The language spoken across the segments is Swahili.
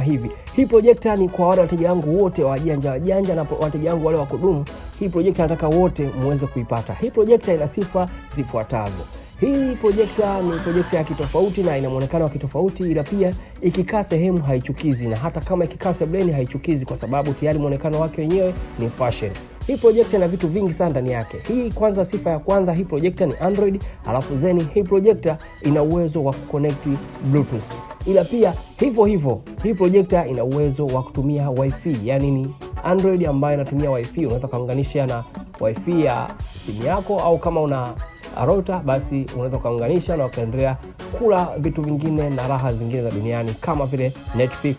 hivi hii projekta ni kwa wale wateja wangu wote wajanja wajanja na wateja wangu wale wa kudumu. Hii projekta nataka wote muweze kuipata. Hii projekta ina sifa zifuatazo. Hii projekta ni projekta ya kitofauti na ina muonekano wa kitofauti, ila pia ikikaa sehemu haichukizi, na hata kama ikikaa sebleni haichukizi, kwa sababu tayari muonekano wake wenyewe ni fashion. Hii projekta ina vitu vingi sana ndani yake. Hii kwanza, sifa ya kwanza, hii projekta ni Android, alafu zeni hii projekta ina uwezo wa kuconnect Bluetooth, ila pia hivyo hivyo hii projekta ina uwezo wa kutumia wifi, yani ni Android ambayo inatumia wifi, unaweza kaunganisha na wifi ya simu yako, au kama una rota basi unaweza ukaunganisha na ukaendelea kula vitu vingine na raha zingine za duniani kama vile Netflix,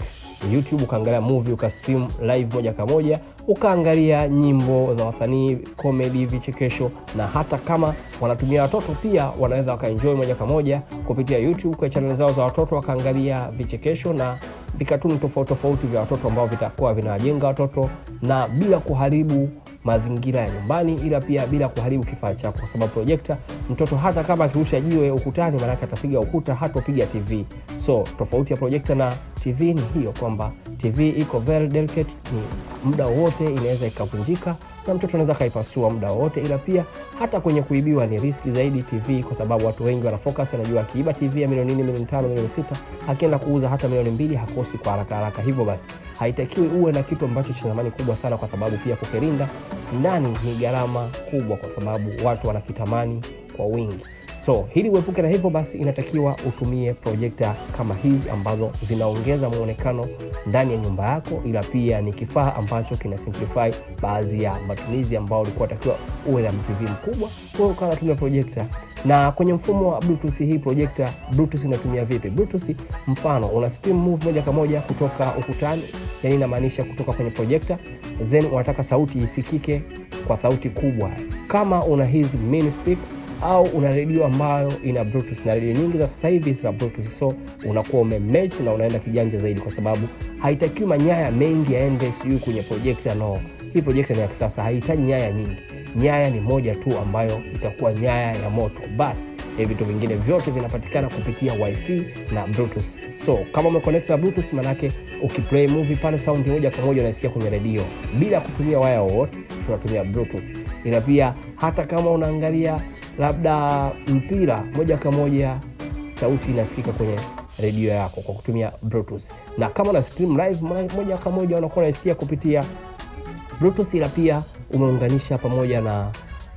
YouTube, ukaangalia movie, ukastream live moja kwa moja ukaangalia nyimbo za wasanii komedi, vichekesho, na hata kama wanatumia watoto pia wanaweza wakaenjoy moja kwa moja kupitia YouTube kwa chaneli zao za watoto, wakaangalia vichekesho na vikatuni tofauti tofauti vya watoto ambao vitakuwa vinawajenga watoto na bila kuharibu mazingira ya nyumbani, ila pia bila kuharibu kifaa chako, kwa sababu projekta, mtoto hata kama akirusha jiwe ukutani, maanake atapiga ukuta, hatopiga TV. So tofauti ya projekta na TV ni hiyo kwamba TV iko very delicate, ni muda wowote inaweza ikavunjika na mtoto anaweza akaipasua muda wowote, ila pia hata kwenye kuibiwa ni riski zaidi TV, kwa sababu watu wengi wana focus, anajua akiiba TV ya milioni nne, milioni tano, milioni sita, akienda kuuza hata milioni mbili hakosi kwa haraka haraka. Hivyo basi haitakiwi uwe na kitu ambacho chenye thamani kubwa sana, kwa sababu pia kukirinda ndani ni gharama kubwa, kwa sababu watu wanakitamani kwa wingi. So ili uepuke na hivyo basi, inatakiwa utumie projekta kama hizi ambazo zinaongeza mwonekano ndani ya nyumba yako, ila pia ni kifaa ambacho kina simplify baadhi ya matumizi ambao ulikuwa takiwa uwe na mtv mkubwa, kwa ukawa unatumia projekta. Na kwenye mfumo wa Bluetooth, hii projekta Bluetooth inatumia vipi? Bluetooth mfano una stream move moja kwa moja kutoka ukutani, yani inamaanisha kutoka kwenye projekta, then unataka sauti isikike kwa sauti kubwa. Kama una hizi mini speaker au una redio ambayo ina Bluetooth na redio nyingi za sasa hivi zina Bluetooth, so unakuwa umematch na unaenda kijanja zaidi, kwa sababu haitakiwi manyaya mengi yaende sijui kwenye projekta. No, hii projekta ni ya kisasa, haihitaji nyaya nyingi. Nyaya ni moja tu ambayo itakuwa nyaya ya moto basi. E, eh, vitu vingine vyote vinapatikana kupitia wifi na Bluetooth. So kama umeconnect na Bluetooth, manake ukiplay movie pale saundi moja kwa moja unaisikia kwenye redio bila kutumia waya wowote, tunatumia Bluetooth. Ila pia hata kama unaangalia labda mpira moja kwa moja, sauti inasikika kwenye redio yako kwa kutumia Bluetooth, na kama na stream live moja kwa moja unakuwa unasikia kupitia Bluetooth, ila pia umeunganisha pamoja na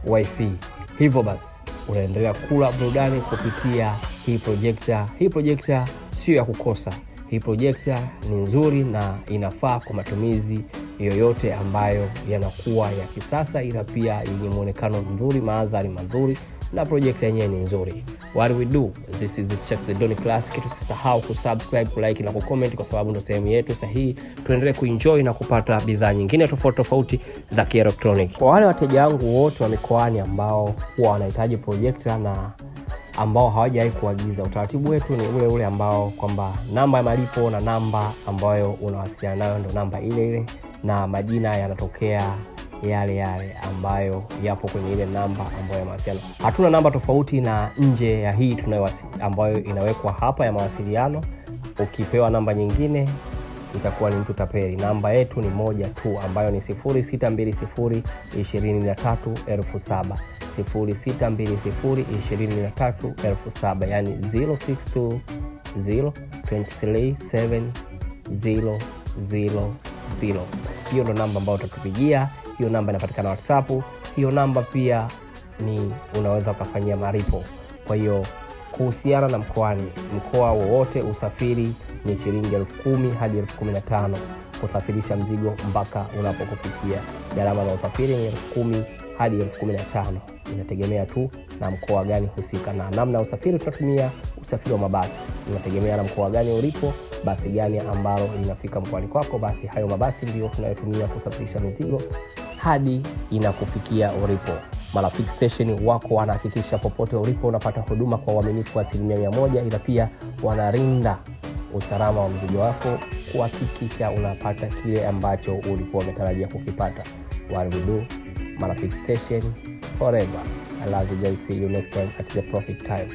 wifi. Hivyo basi unaendelea kula burudani kupitia hii projekta. Hii projekta siyo ya kukosa. Hii projekta ni nzuri na inafaa kwa matumizi yoyote ambayo yanakuwa ya kisasa, ila pia yenye muonekano mzuri, maadhari mazuri na projekta yenyewe ni nzuri. What we do this is this Chef Don Classic. Tusisahau kusubscribe, kulike na kucomment, kwa sababu ndo sehemu yetu sahihi. Tuendelee kuenjoy na kupata bidhaa nyingine tofauti tofauti za kielektroniki. Kwa wale wateja wangu wote wa mikoani ambao huwa wanahitaji projekta na ambao hawajawahi kuagiza, utaratibu wetu ni ule ule ambao kwamba namba ya malipo na namba ambayo unawasiliana nayo ndo namba ile ile na majina yanatokea yale yale ambayo yapo kwenye ile namba ambayo ya mawasiliano. Hatuna namba tofauti na nje ya hii ambayo inawekwa hapa ya mawasiliano. Ukipewa namba nyingine itakuwa ni mtu tapeli. Namba yetu ni moja tu ambayo ni 0620 23070 0620 23070, yani 062 Zero, zero hiyo ndo namba ambayo utatupigia. Hiyo namba inapatikana WhatsApp. Hiyo namba pia ni unaweza ukafanyia maripo Kwa hiyo kuhusiana na mkoani, mkoa wowote usafiri ni shilingi elfu kumi hadi elfu kumi na tano kusafirisha mzigo mpaka unapokufikia. Gharama za usafiri ni elfu kumi hadi elfu kumi na tano inategemea tu na mkoa gani husika, na namna ya usafiri tunatumia usafiri wa mabasi, inategemea na mkoa gani ulipo basi gani ambalo linafika mkoani kwako, basi hayo mabasi ndio tunayotumia kusafirisha mizigo hadi inakufikia ulipo. Marafiki Station wako wanahakikisha popote ulipo unapata huduma kwa uaminifu wa asilimia mia moja, ila pia wanarinda usalama wa mzigo wako kuhakikisha unapata kile ambacho ulikuwa umetarajia kukipata. Warudu Marafiki Station forever. I love you guys. See you next time at the profit time.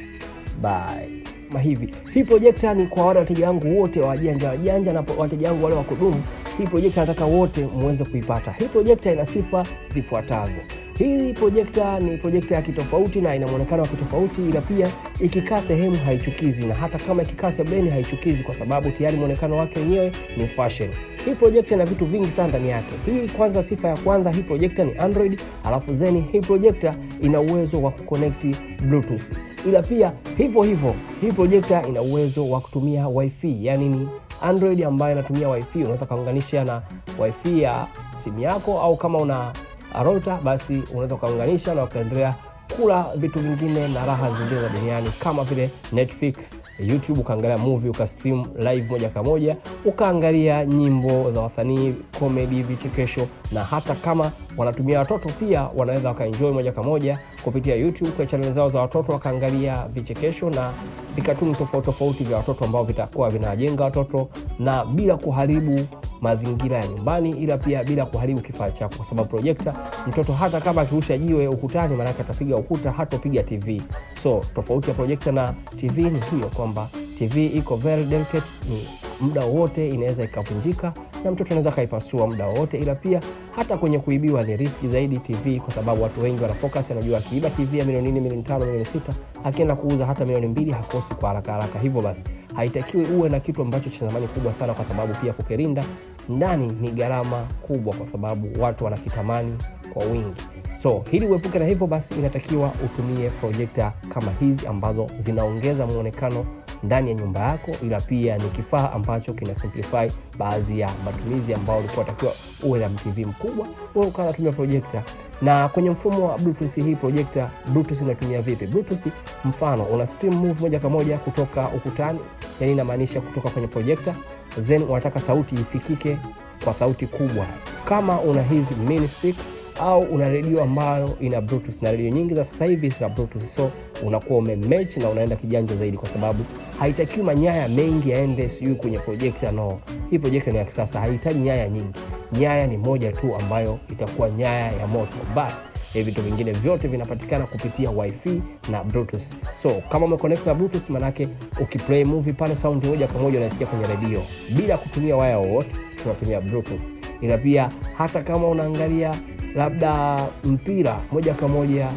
Bye mahivi. Hii projekta ni kwa wale wateja wangu wote wajanja wajanja na wateja wangu wale wa kudumu. Hii projekta nataka wote muweze kuipata. Hii projekta ina sifa zifuatazo. Hii projekta ni projekta ya kitofauti na ina muonekano wa kitofauti, na pia ikikaa sehemu haichukizi, na hata kama ikikaa sebleni haichukizi, kwa sababu tayari muonekano wake wenyewe ni fashion. Hii projekta ina vitu vingi sana ndani yake. Hii kwanza, sifa ya kwanza, hii projekta ni Android, alafu zeni hii projekta ina uwezo wa kuconnect Bluetooth, ila pia hivyo hivyo hii projekta ina uwezo wa kutumia wifi, yani ni Android ambayo inatumia wifi, unaweza kaunganisha na wifi ya simu yako au kama una arota, basi unaweza ukaunganisha na ukaendelea kula vitu vingine na raha zingine za duniani kama vile Netflix, YouTube, ukaangalia movie, ukastream live moja kwa moja, ukaangalia nyimbo za wasanii, comedy, vichekesho, na hata kama wanatumia watoto pia wanaweza wakaenjoy moja kwa moja kupitia YouTube kwa channel zao za watoto, wakaangalia vichekesho na vikatuni tofauti tofauti vya watoto ambao vitakuwa vinawajenga watoto na bila kuharibu mazingira ya nyumbani, ila pia bila kuharibu kifaa chako, kwa sababu projekta, mtoto hata kama akirusha jiwe ukutani, maanake atapiga ukuta, hatopiga TV. So tofauti ya projekta na TV ni hiyo kwamba TV iko very delicate, ni muda wowote inaweza ikavunjika na mtoto anaweza akaipasua muda wowote, ila pia hata kwenye kuibiwa ni riski zaidi TV, kwa sababu watu wengi wana focus, anajua akiiba TV ya milioni nne, milioni tano, milioni sita, akienda kuuza hata milioni mbili hakosi kwa haraka haraka. Hivyo basi haitakiwi uwe na kitu ambacho cha thamani kubwa sana, kwa sababu pia kukirinda ndani ni gharama kubwa, kwa sababu watu wanakitamani kwa wingi. So ili uepuke na hivyo basi, inatakiwa utumie projekta kama hizi ambazo zinaongeza mwonekano ndani ya nyumba yako, ila pia ni kifaa ambacho kina simplify baadhi ya matumizi ambayo ulikuwa unatakiwa uwe na mtv mkubwa, wewe ukawa unatumia projekta. Na kwenye mfumo wa Bluetooth, hii projekta Bluetooth inatumia vipi? Bluetooth mfano una stream move moja kwa moja kutoka ukutani, yani inamaanisha kutoka kwenye projekta then unataka sauti ifikike kwa sauti kubwa. Kama una hizi mini stick au una redio ambayo ina Bluetooth, na redio nyingi za sasa hivi zina Bluetooth, so unakuwa umemechi na unaenda kijanja zaidi, kwa sababu haitakiwi manyaya mengi yaende sijui kwenye projekta. No, hii projekta ni ya kisasa, haihitaji nyaya nyingi. Nyaya ni moja tu ambayo itakuwa nyaya ya moto basi e, vitu vingine vyote vinapatikana kupitia wifi na bluetooth. So kama umeconnect na bluetooth, manake ukiplay movie pale saundi moja kwa moja unaisikia kwenye redio bila kutumia waya wowote, tunatumia bluetooth. Ila pia hata kama unaangalia labda mpira moja kwa moja,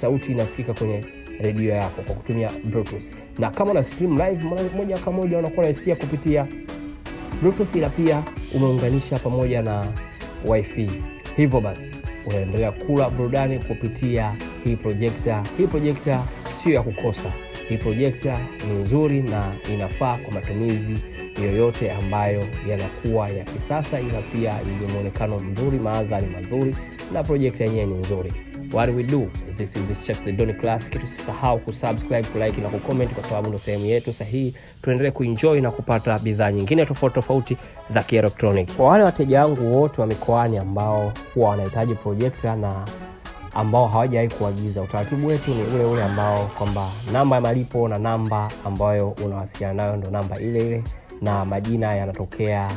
sauti inasikika kwenye redio yako kwa kutumia bluetooth. Na kama una stream live moja kwa moja unakuwa unaisikia kupitia bluetooth, ila pia umeunganisha pamoja na wifi. Hivyo basi unaendelea kula burudani kupitia hii projekta. Hii projekta sio ya kukosa. Hii projekta ni nzuri na inafaa kwa matumizi yoyote ambayo yanakuwa ya kisasa, ila pia yenye muonekano mzuri, maadhari mazuri, na projekta yenyewe ni nzuri what we do this is this check the Don Classic. Kitu kusubscribe, kulike na kucomment, kwa sababu ndio sehemu yetu sahihi. Tuendelee kuenjoy na kupata bidhaa nyingine tofauti tofauti za kielektroniki. Kwa wale wateja wangu wote wa mikoani ambao huwa wanahitaji projekta na ambao hawajawahi kuagiza, utaratibu wetu ni ule ule ambao kwamba namba ya malipo na namba ambayo unawasiliana nayo ndo namba ile ile na majina yanatokea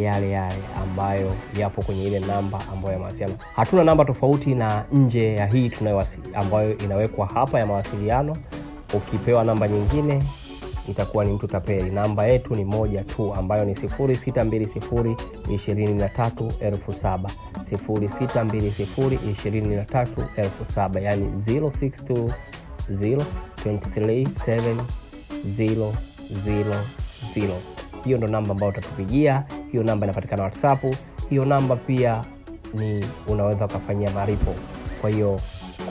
yale yale ambayo yapo kwenye ile namba ambayo ya mawasiliano. Hatuna namba tofauti na nje ya hii tunayowasi ambayo inawekwa hapa ya mawasiliano. Ukipewa namba nyingine itakuwa ni mtu tapeli. Namba yetu ni moja tu ambayo ni 0620 23070, 0620 23070, yani 0620 Hiyo ndo namba ambayo utatupigia hiyo namba inapatikana WhatsApp. Hiyo namba pia ni unaweza ukafanyia maripo Kwa hiyo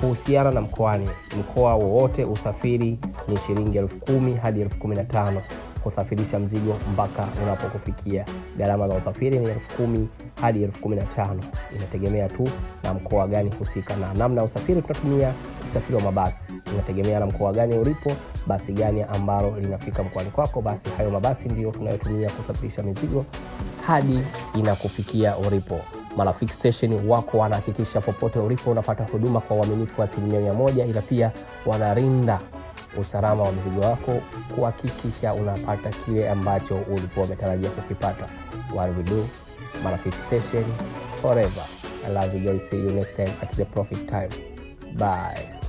kuhusiana na mkoani, mkoa wowote usafiri ni shilingi elfu kumi hadi elfu kumi na tano kusafirisha mzigo mpaka unapokufikia. Gharama za usafiri ni elfu kumi hadi elfu kumi na tano inategemea tu na mkoa gani husika na namna ya usafiri. Tunatumia usafiri wa mabasi, inategemea na mkoa gani ulipo, basi gani ambalo linafika mkoani kwako, basi hayo mabasi ndiyo tunayotumia kusafirisha mizigo hadi inakufikia ulipo. Marafiki Station wako wanahakikisha popote ulipo unapata huduma kwa uaminifu wa asilimia mia moja, ila pia wanarinda usalama wa mzigo wako kuhakikisha unapata kile ambacho ulikuwa umetarajia kukipata. What we do, Marafiki Station forever. I love you guys. See you next time at the profit time. Bye.